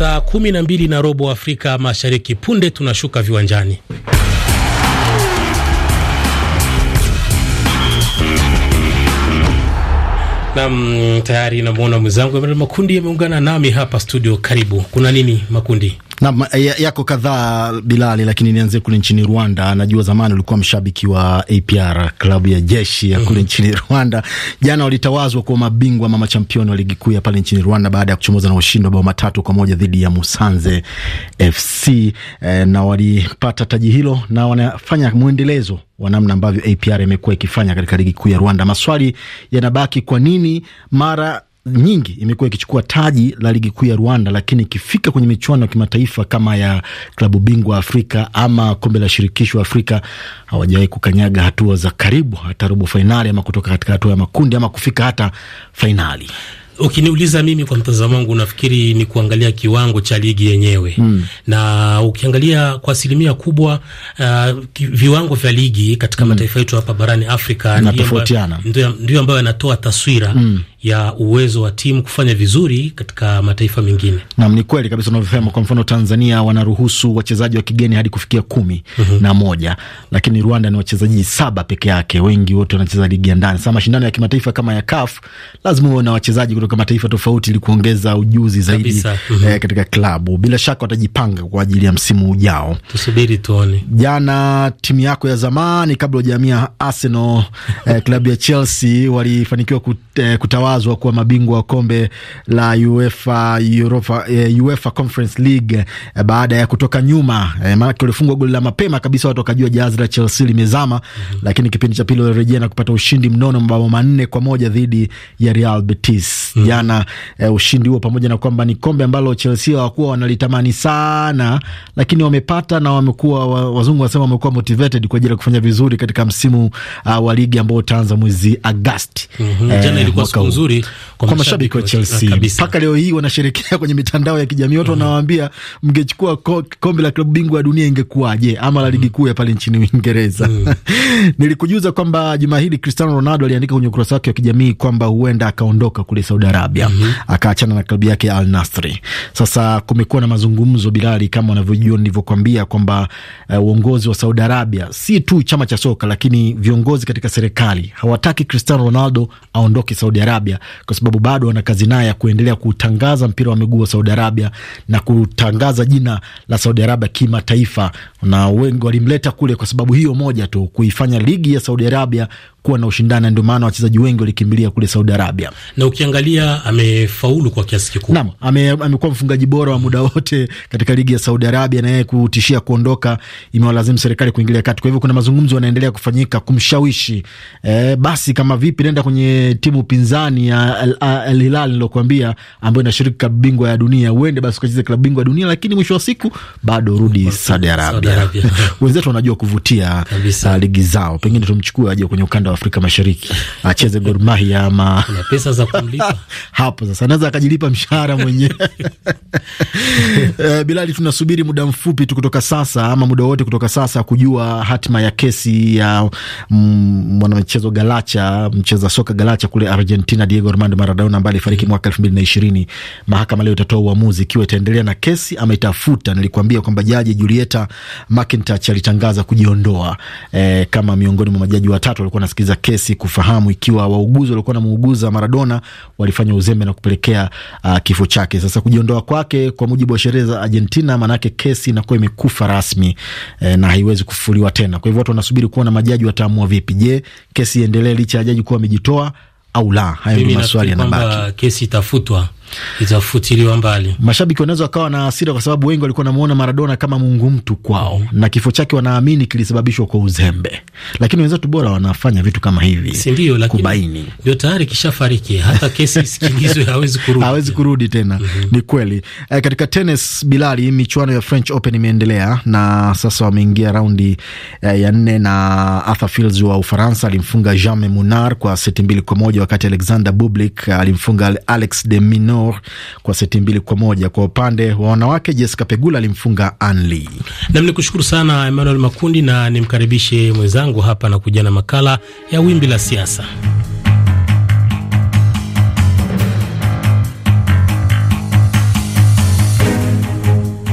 saa kumi na mbili na robo Afrika Mashariki. Punde tunashuka viwanjani. Nam, tayari namwona mwenzangu Makundi ameungana nami hapa studio. Karibu, kuna nini Makundi? Na yako kadhaa Bilali, lakini nianzie kule nchini Rwanda. Najua zamani ulikuwa mshabiki wa APR, klabu ya jeshi ya kule mhm. nchini Rwanda. Jana walitawazwa kuwa mabingwa mama championi wa ligi kuu ya pale nchini Rwanda baada ya kuchomoza na ushindi wa bao matatu kwa moja dhidi ya Musanze FC e, eh, na walipata taji hilo na wanafanya mwendelezo wa namna ambavyo APR imekuwa ikifanya katika ligi kuu ya Rwanda. Maswali yanabaki, kwa nini mara nyingi imekuwa ikichukua taji la ligi kuu ya Rwanda, lakini ikifika kwenye michuano ya kimataifa kama ya klabu bingwa Afrika ama kombe la shirikisho Afrika hawajawahi kukanyaga hatua za karibu, hata robo fainali ama kutoka katika hatua ya makundi ama kufika hata fainali. Ukiniuliza okay, mimi kwa mtazamo wangu, nafikiri ni kuangalia kiwango cha ligi yenyewe mm. Na ukiangalia kwa asilimia kubwa uh, viwango vya ligi katika mm. mataifa yetu hapa barani Afrika ndio ambayo yanatoa taswira mm ya uwezo wa timu kufanya vizuri katika mataifa mengine. Naam, ni kweli kabisa unavyosema. Kwa mfano, Tanzania wanaruhusu wachezaji wa kigeni hadi kufikia kumi mm -hmm. na moja, lakini Rwanda ni wachezaji saba peke yake, wengi wote wanacheza ligi ya ndani. Sasa mashindano ya kimataifa kama ya CAF lazima uwe na wachezaji kutoka mataifa tofauti ili kuongeza ujuzi zaidi mm -hmm. eh, katika klabu. Bila shaka watajipanga kwa ajili ya msimu ujao, tusubiri tuone. Jana timu yako ya zamani kabla hujahamia Arsenal eh, klabu ya Chelsea walifanikiwa kut, eh, kutawa wa kuwa mabingwa wa kombe la UEFA, Europa, eh, UEFA Conference League eh, baada ya kutoka nyuma eh, maana ulifungwa goli la mapema kabisa, watu wakajua jahazi la Chelsea limezama mm -hmm. Lakini kipindi cha pili walirejea na kupata ushindi mnono mabao manne kwa moja dhidi ya Real Betis mm -hmm. Jana eh, ushindi huo pamoja na kwamba ni kombe ambalo Chelsea hawakuwa wanalitamani sana, lakini wamepata na wamekuwa wazungu wanasema wamekuwa motivated kwa ajili ya kufanya vizuri katika msimu uh, wa ligi ambao utaanza mwezi Agasti mm -hmm. eh, nzuri kwa, kwa mashabiki wa Chelsea mpaka leo hii wanasherekea kwenye mitandao ya kijamii watu wanawaambia mm -hmm. mngechukua kombe la klabu bingwa ya dunia ingekuwaje, ama la ligi kuu ya pale nchini Uingereza mm -hmm. Nilikujuza kwamba juma hili Cristiano Ronaldo aliandika kwenye ukurasa wake wa kijamii kwamba huenda akaondoka kule Saudi Arabia mm -hmm. akaachana na klabu yake Al Nassr. Sasa kumekuwa na mazungumzo Bilali, kama wanavyojua nilivyokwambia kwamba uh, uongozi wa Saudi Arabia si tu chama cha soka, lakini viongozi katika serikali hawataki Cristiano Ronaldo aondoke Saudi Arabia Arabia, kwa sababu bado wana kazi naye ya kuendelea kutangaza mpira wa miguu wa Saudi Arabia na kutangaza jina la Saudi Arabia kimataifa na wengi walimleta kule kwa sababu hiyo moja tu, kuifanya ligi ya Saudi Arabia kuwa na ushindani. Ndio maana wachezaji wengi walikimbilia kule Saudi Arabia, na ukiangalia amefaulu kwa kiasi kikubwa. Naam, ame, amekuwa mfungaji bora wa muda wote katika ligi ya Saudi Arabia, na yeye kutishia kuondoka imewalazimu serikali kuingilia kati. Kwa hivyo kuna mazungumzo yanaendelea kufanyika kumshawishi e, basi kama vipi, nenda kwenye timu pinzani ya Al Hilal nilokuambia, ambayo inashiriki klabu bingwa ya dunia, uende basi ukacheze klabu bingwa ya dunia, lakini mwisho wa siku bado rudi Saudi Arabia. Saudi Arabia wenzetu wanajua kuvutia uh, ligi zao, pengine tumchukue aje kwenye ukanda wa Afrika Mashariki acheze Gor Mahia ama kuna pesa za kumlipa hapo. Sasa anaweza akajilipa mshahara mwenyewe uh, Bilali, tunasubiri muda mfupi tu kutoka sasa ama muda wote kutoka sasa kujua hatima ya kesi ya mm, mwanamchezo Galacha, mcheza soka Galacha kule Argentina, Diego Armando Maradona ambaye alifariki mwaka elfu mbili na ishirini. Mahakama leo itatoa uamuzi ikiwa itaendelea na kesi ama itafuta. Nilikuambia kwamba jaji Julieta McIntosh alitangaza kujiondoa e, kama miongoni mwa majaji watatu walikuwa wanasikiliza kesi kufahamu ikiwa wauguzi walikuwa namuuguza Maradona walifanya uzembe na kupelekea uh, kifo chake. Sasa kujiondoa kwake kwa mujibu wa sheria za Argentina, maanake kesi inakuwa imekufa rasmi e, na haiwezi kufufuliwa tena. Kwa hivyo watu wanasubiri kuona majaji wataamua vipi. Je, kesi iendelee licha ya jaji kuwa amejitoa au la? Hayo ni maswali yanabaki. Kesi itafutwa itafutiliwa mbali. Mashabiki wanaweza wakawa na hasira kwa sababu wengi walikuwa wanamuona Maradona kama mungu mtu kwao, mm -hmm. na kifo chake wanaamini kilisababishwa kwa uzembe, lakini wenzetu bora wanafanya vitu kama hivi, si ndio? Lakini kubaini ndio tayari kishafariki, hata kesi sikilizwe, hawezi kurudi, hawezi kurudi tena mm -hmm. Ni kweli e, katika tennis Bilali, michuano ya French Open imeendelea na sasa wameingia raundi e, ya nne, na Arthur Fils wa Ufaransa alimfunga Jean Munar kwa seti mbili kwa moja wakati Alexander Bublik alimfunga Alex de Minaur Knorr kwa seti mbili kwa moja. Kwa upande wa wanawake, Jessica Pegula alimfunga Anli. Nam ni kushukuru sana Emmanuel Makundi na nimkaribishe mwenzangu hapa na kuja na makala ya wimbi la siasa.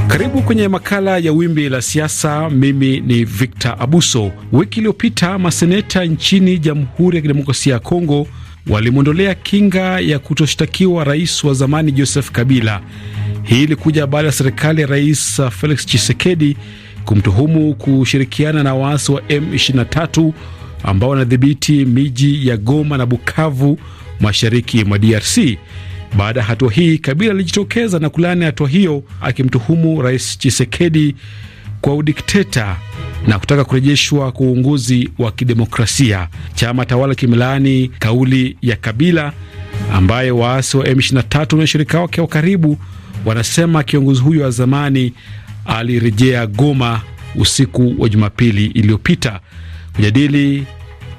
Karibu kwenye makala ya wimbi la siasa. Mimi ni Victor Abuso. Wiki iliyopita maseneta nchini Jamhuri ya Kidemokrasia ya Kongo walimwondolea kinga ya kutoshtakiwa rais wa zamani Joseph Kabila. Hii ilikuja baada ya serikali ya rais uh, Felix Tshisekedi kumtuhumu kushirikiana na waasi wa M23 ambao wanadhibiti miji ya Goma na Bukavu mashariki mwa DRC. Baada ya hatua hii, Kabila alijitokeza na kulaani hatua hiyo akimtuhumu rais Tshisekedi kwa udikteta na kutaka kurejeshwa kwa uongozi wa kidemokrasia. Chama tawala kimelaani kauli ya Kabila ambaye waasi wa M23 na washirika wake wa karibu wanasema kiongozi huyo wa zamani alirejea Goma usiku wa Jumapili iliyopita kujadili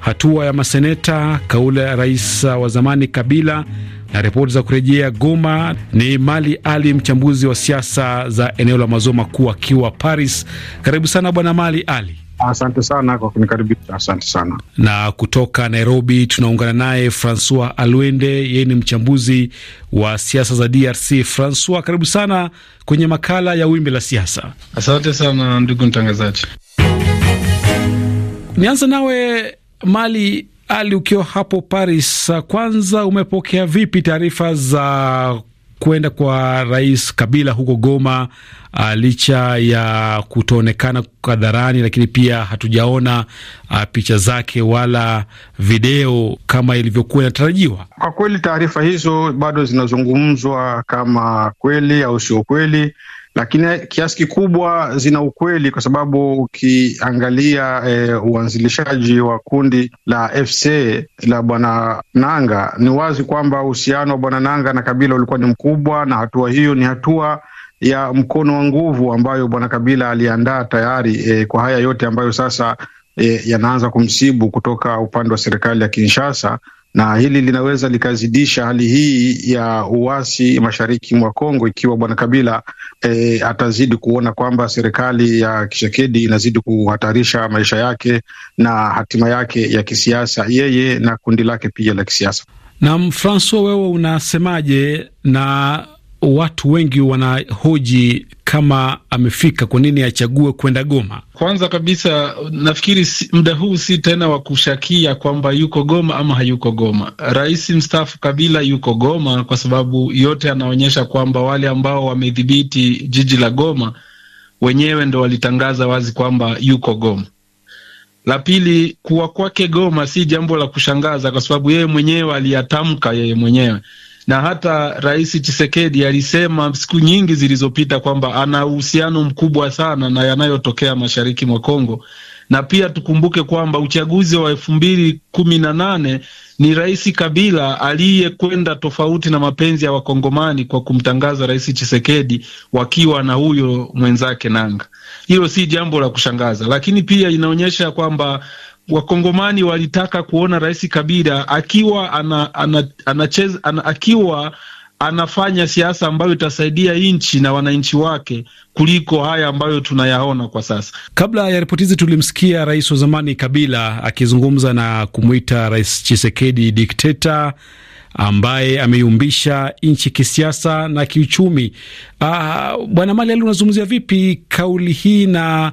hatua ya maseneta, kauli ya rais wa zamani Kabila na ripoti za kurejea Goma ni Mali Ali, mchambuzi wa siasa za eneo la maziwa makuu akiwa Paris. Karibu sana bwana Mali Ali. Asante sana kwa kunikaribisha. Asante sana. Na kutoka Nairobi tunaungana naye Francois Alwende, yeye ni mchambuzi wa siasa za DRC. Francois, karibu sana kwenye makala ya Wimbi la Siasa. Asante sana ndugu mtangazaji. Nianza nawe Mali ali, ukiwa hapo Paris, kwanza umepokea vipi taarifa za kwenda kwa Rais Kabila huko Goma, uh, licha ya kutoonekana hadharani, lakini pia hatujaona uh, picha zake wala video kama ilivyokuwa inatarajiwa. Kwa kweli taarifa hizo bado zinazungumzwa kama kweli au sio kweli lakini kiasi kikubwa zina ukweli kwa sababu ukiangalia e, uanzilishaji wa kundi la FC la bwana Nanga, ni wazi kwamba uhusiano wa bwana Nanga na Kabila ulikuwa ni mkubwa, na hatua hiyo ni hatua ya mkono wa nguvu ambayo bwana Kabila aliandaa tayari e, kwa haya yote ambayo sasa e, yanaanza kumsibu kutoka upande wa serikali ya Kinshasa na hili linaweza likazidisha hali hii ya uasi mashariki mwa Kongo ikiwa bwana Kabila e, atazidi kuona kwamba serikali ya Kishekedi inazidi kuhatarisha maisha yake na hatima yake ya kisiasa, yeye na kundi lake pia la kisiasa. Naam, Francois, wewe unasemaje? Na watu wengi wanahoji kama amefika, kwa nini achague kwenda Goma? Kwanza kabisa nafikiri muda huu si tena wa kushakia kwamba yuko Goma ama hayuko Goma. Rais mstaafu Kabila yuko Goma kwa sababu yote anaonyesha kwamba wale ambao wamedhibiti jiji la Goma wenyewe ndo walitangaza wazi kwamba yuko Goma. La pili, kuwa kwake Goma si jambo la kushangaza kwa sababu yeye mwenyewe aliyatamka yeye mwenyewe na hata Rais chisekedi alisema siku nyingi zilizopita kwamba ana uhusiano mkubwa sana na yanayotokea mashariki mwa Kongo na pia tukumbuke kwamba uchaguzi wa elfu mbili kumi na nane ni Rais Kabila aliyekwenda tofauti na mapenzi ya Wakongomani kwa kumtangaza Rais Chisekedi wakiwa na huyo mwenzake Nanga. Hilo si jambo la kushangaza, lakini pia inaonyesha kwamba Wakongomani walitaka kuona Rais Kabila akiwa ana, ana, anacheza, ana, akiwa anafanya siasa ambayo itasaidia nchi na wananchi wake kuliko haya ambayo tunayaona kwa sasa. Kabla ya ripoti hizi, tulimsikia rais wa zamani Kabila akizungumza na kumwita Rais Chisekedi dikteta ambaye ameyumbisha nchi kisiasa na kiuchumi. Ah, Bwana Mali Ali, unazungumzia vipi kauli hii na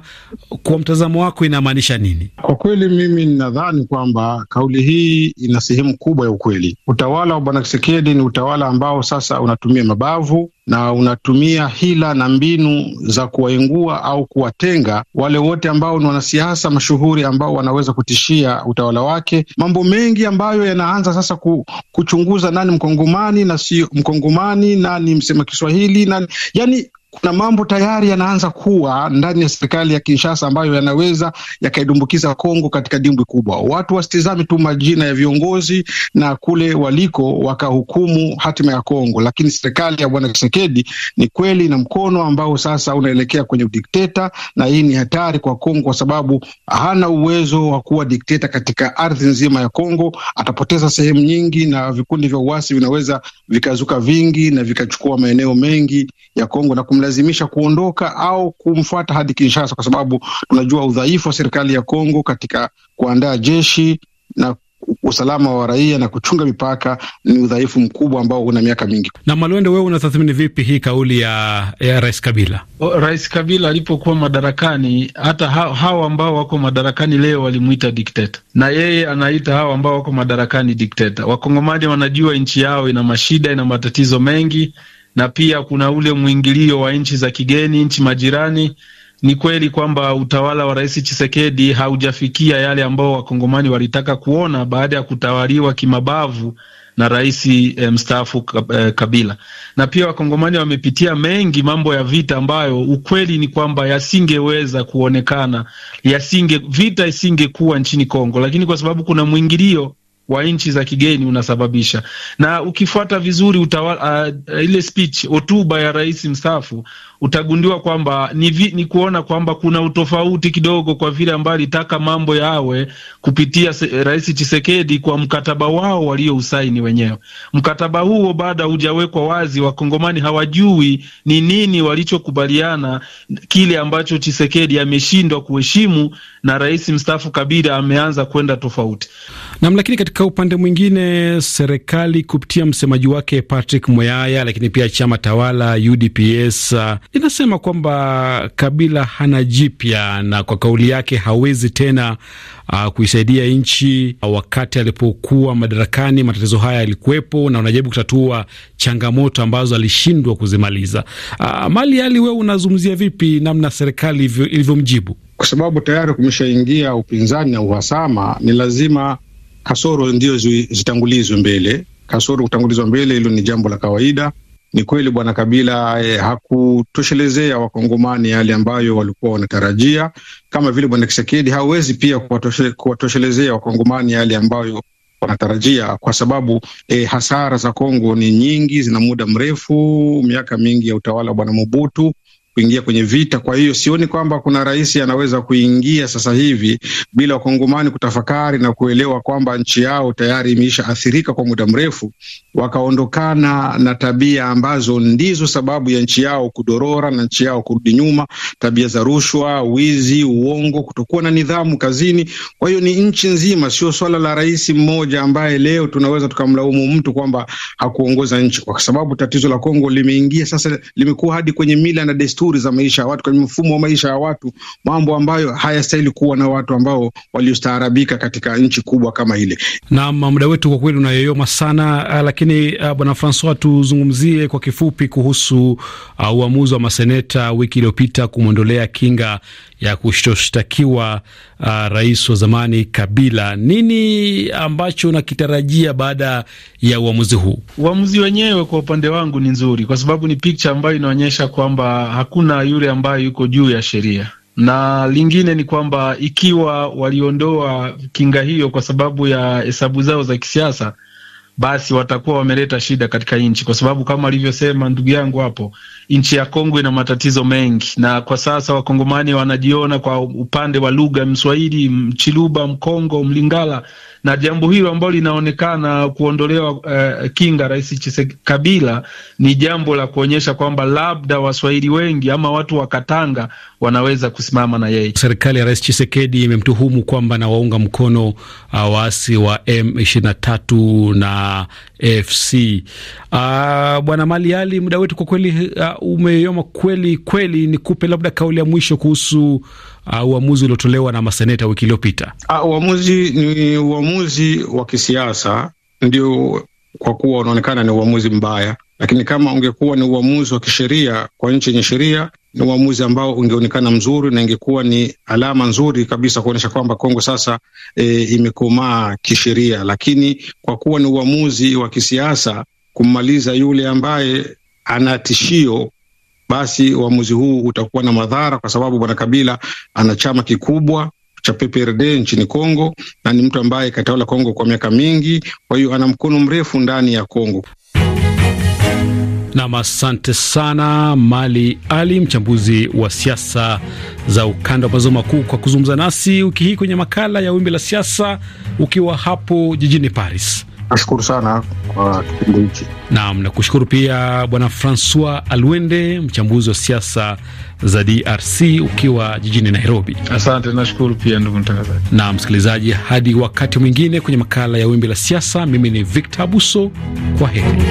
kwa mtazamo wako inamaanisha nini? Kwa kweli mimi ninadhani kwamba kauli hii ina sehemu kubwa ya ukweli. Utawala wa Bwana Kisekedi ni utawala ambao sasa unatumia mabavu na unatumia hila na mbinu za kuwaingua au kuwatenga wale wote ambao ni wanasiasa mashuhuri ambao wanaweza kutishia utawala wake. Mambo mengi ambayo yanaanza sasa ku, kuchunguza nani mkongomani na sio mkongomani, nani msema Kiswahili nani, yani kuna mambo tayari yanaanza kuwa ndani ya serikali ya Kinshasa ambayo yanaweza yakaidumbukiza Kongo katika dimbwi kubwa. Watu wasitizame tu majina ya viongozi na kule waliko wakahukumu hatima ya Kongo, lakini serikali ya Bwana Tshisekedi ni kweli na mkono ambao sasa unaelekea kwenye udikteta, na hii ni hatari kwa Kongo kwa sababu hana uwezo wa kuwa dikteta katika ardhi nzima ya Kongo. Atapoteza sehemu nyingi na vikundi vya uasi vinaweza vikazuka vingi na vikachukua maeneo mengi ya Kongo na kumla kumlazimisha kuondoka au kumfuata hadi Kinshasa, kwa sababu tunajua udhaifu wa serikali ya Kongo katika kuandaa jeshi na usalama wa raia na kuchunga mipaka ni udhaifu mkubwa ambao una miaka mingi. Na Malwende, wewe unatathmini vipi hii kauli ya, ya Rais Kabila? O, Rais Kabila alipokuwa madarakani, hata ha hawa ambao wako madarakani leo walimwita dikteta, na yeye anaita hawa ambao wako madarakani dikteta. Wakongomani wanajua nchi yao ina mashida, ina matatizo mengi na pia kuna ule mwingilio wa nchi za kigeni, nchi majirani. Ni kweli kwamba utawala wa Rais chisekedi haujafikia yale ambao wakongomani walitaka kuona baada ya kutawaliwa kimabavu na rais eh, mstaafu eh, Kabila. Na pia wakongomani wamepitia mengi, mambo ya vita ambayo ukweli ni kwamba yasingeweza kuonekana, yasinge vita isingekuwa nchini Kongo, lakini kwa sababu kuna mwingilio wa nchi za kigeni unasababisha. Na ukifuata vizuri utawa, uh, ile speech hotuba ya rais mstaafu utagundiwa kwamba ni, vi, ni kuona kwamba kuna utofauti kidogo kwa vile ambayo alitaka mambo yawe kupitia eh, Rais Chisekedi kwa mkataba wao waliousaini wenyewe. Mkataba huo baada hujawekwa wazi, wakongomani hawajui ni nini walichokubaliana, kile ambacho Chisekedi ameshindwa kuheshimu na rais mstaafu Kabila ameanza kwenda tofauti nam. Lakini katika upande mwingine, serikali kupitia msemaji wake Patrick Moyaya, lakini pia chama tawala UDPS inasema kwamba Kabila hana jipya na kwa kauli yake hawezi tena uh, kuisaidia nchi. Uh, wakati alipokuwa madarakani, matatizo haya yalikuwepo na unajaribu kutatua changamoto ambazo alishindwa kuzimaliza. Uh, Mali Ali, wewe unazungumzia vipi namna serikali ilivyomjibu? Kwa sababu tayari kumeshaingia upinzani na uhasama, ni lazima kasoro ndio zitangulizwe mbele. Kasoro kutangulizwa mbele, hilo ni jambo la kawaida ni kweli bwana Kabila eh, hakutoshelezea wakongomani yale ambayo walikuwa wanatarajia, kama vile bwana Kisekedi hawezi pia kuwatoshelezea wakongomani yale ambayo wanatarajia kwa sababu eh, hasara za Kongo ni nyingi, zina muda mrefu, miaka mingi ya utawala wa bwana Mobutu kuingia kwenye vita. Kwa hiyo sioni kwamba kuna rais anaweza kuingia sasa hivi bila wakongomani kutafakari na kuelewa kwamba nchi yao tayari imeisha athirika kwa muda mrefu, wakaondokana na tabia ambazo ndizo sababu ya nchi yao kudorora na nchi yao kurudi nyuma, tabia za rushwa, wizi, uongo, kutokuwa na nidhamu kazini. Kwa hiyo ni nchi nzima, sio swala la rais mmoja ambaye leo tunaweza tukamlaumu mtu kwamba hakuongoza nchi, kwa sababu tatizo la Kongo limeingia sasa, limekuwa hadi kwenye mila na desturi nzuri za maisha ya watu, kwenye mfumo wa maisha ya watu, mambo ambayo hayastahili kuwa na watu ambao waliostaarabika katika nchi kubwa kama ile. Naam, muda wetu kwa kweli unayoyoma sana, ah, lakini ah, bwana Francois, tuzungumzie kwa kifupi kuhusu uh, uamuzi wa maseneta wiki iliyopita kumwondolea kinga ya kutoshtakiwa uh, rais wa zamani Kabila. Nini ambacho unakitarajia baada ya uamuzi huu? Uamuzi wenyewe kwa upande wangu ni nzuri, kwa sababu ni picha ambayo inaonyesha kwamba hakuna yule ambaye yuko juu ya sheria na lingine ni kwamba ikiwa waliondoa kinga hiyo kwa sababu ya hesabu zao za kisiasa, basi watakuwa wameleta shida katika nchi, kwa sababu kama alivyosema ndugu yangu hapo, nchi ya Kongo ina matatizo mengi, na kwa sasa wakongomani wanajiona kwa upande wa lugha, Mswahili, Mchiluba, Mkongo, Mlingala na jambo hilo ambalo linaonekana kuondolewa uh, kinga Rais Tshisekedi Kabila ni jambo la kuonyesha kwamba labda Waswahili wengi ama watu wa Katanga wanaweza kusimama na yeye. Serikali ya Rais Tshisekedi imemtuhumu kwamba anawaunga mkono uh, waasi wa M23 na AFC. Uh, ah, Bwana Maliali, muda wetu kwa kweli uh, ah, umeyoma kweli kweli. Nikupe labda kauli ya mwisho kuhusu uh, uamuzi uliotolewa na maseneta wiki iliyopita? Uh, uamuzi ni uamuzi wa kisiasa ndio, kwa kuwa unaonekana ni uamuzi mbaya, lakini kama ungekuwa ni uamuzi wa kisheria kwa nchi yenye sheria ni uamuzi ambao ungeonekana mzuri na ingekuwa ni alama nzuri kabisa kuonyesha kwamba Kongo sasa e, imekomaa kisheria, lakini kwa kuwa ni uamuzi wa kisiasa kummaliza yule ambaye ana tishio basi uamuzi huu utakuwa na madhara, kwa sababu bwana Kabila ana chama kikubwa cha PPRD nchini Kongo na ni mtu ambaye katawala Kongo kwa miaka mingi, kwa hiyo ana mkono mrefu ndani ya Kongo. Nam, asante sana Mali Ali, mchambuzi wa siasa za ukanda wa maziwa makuu, kwa kuzungumza nasi wiki hii kwenye makala ya Wimbi la Siasa, ukiwa hapo jijini Paris. Nashukuru sana kwa kipindi hichi. Naam, nakushukuru pia Bwana Francois Alwende, mchambuzi wa siasa za DRC ukiwa jijini Nairobi. Asante, nashukuru pia ndugu mtangazaji. Naam, msikilizaji, hadi wakati mwingine kwenye makala ya Wimbi la Siasa. Mimi ni Victor Abuso, kwa heri.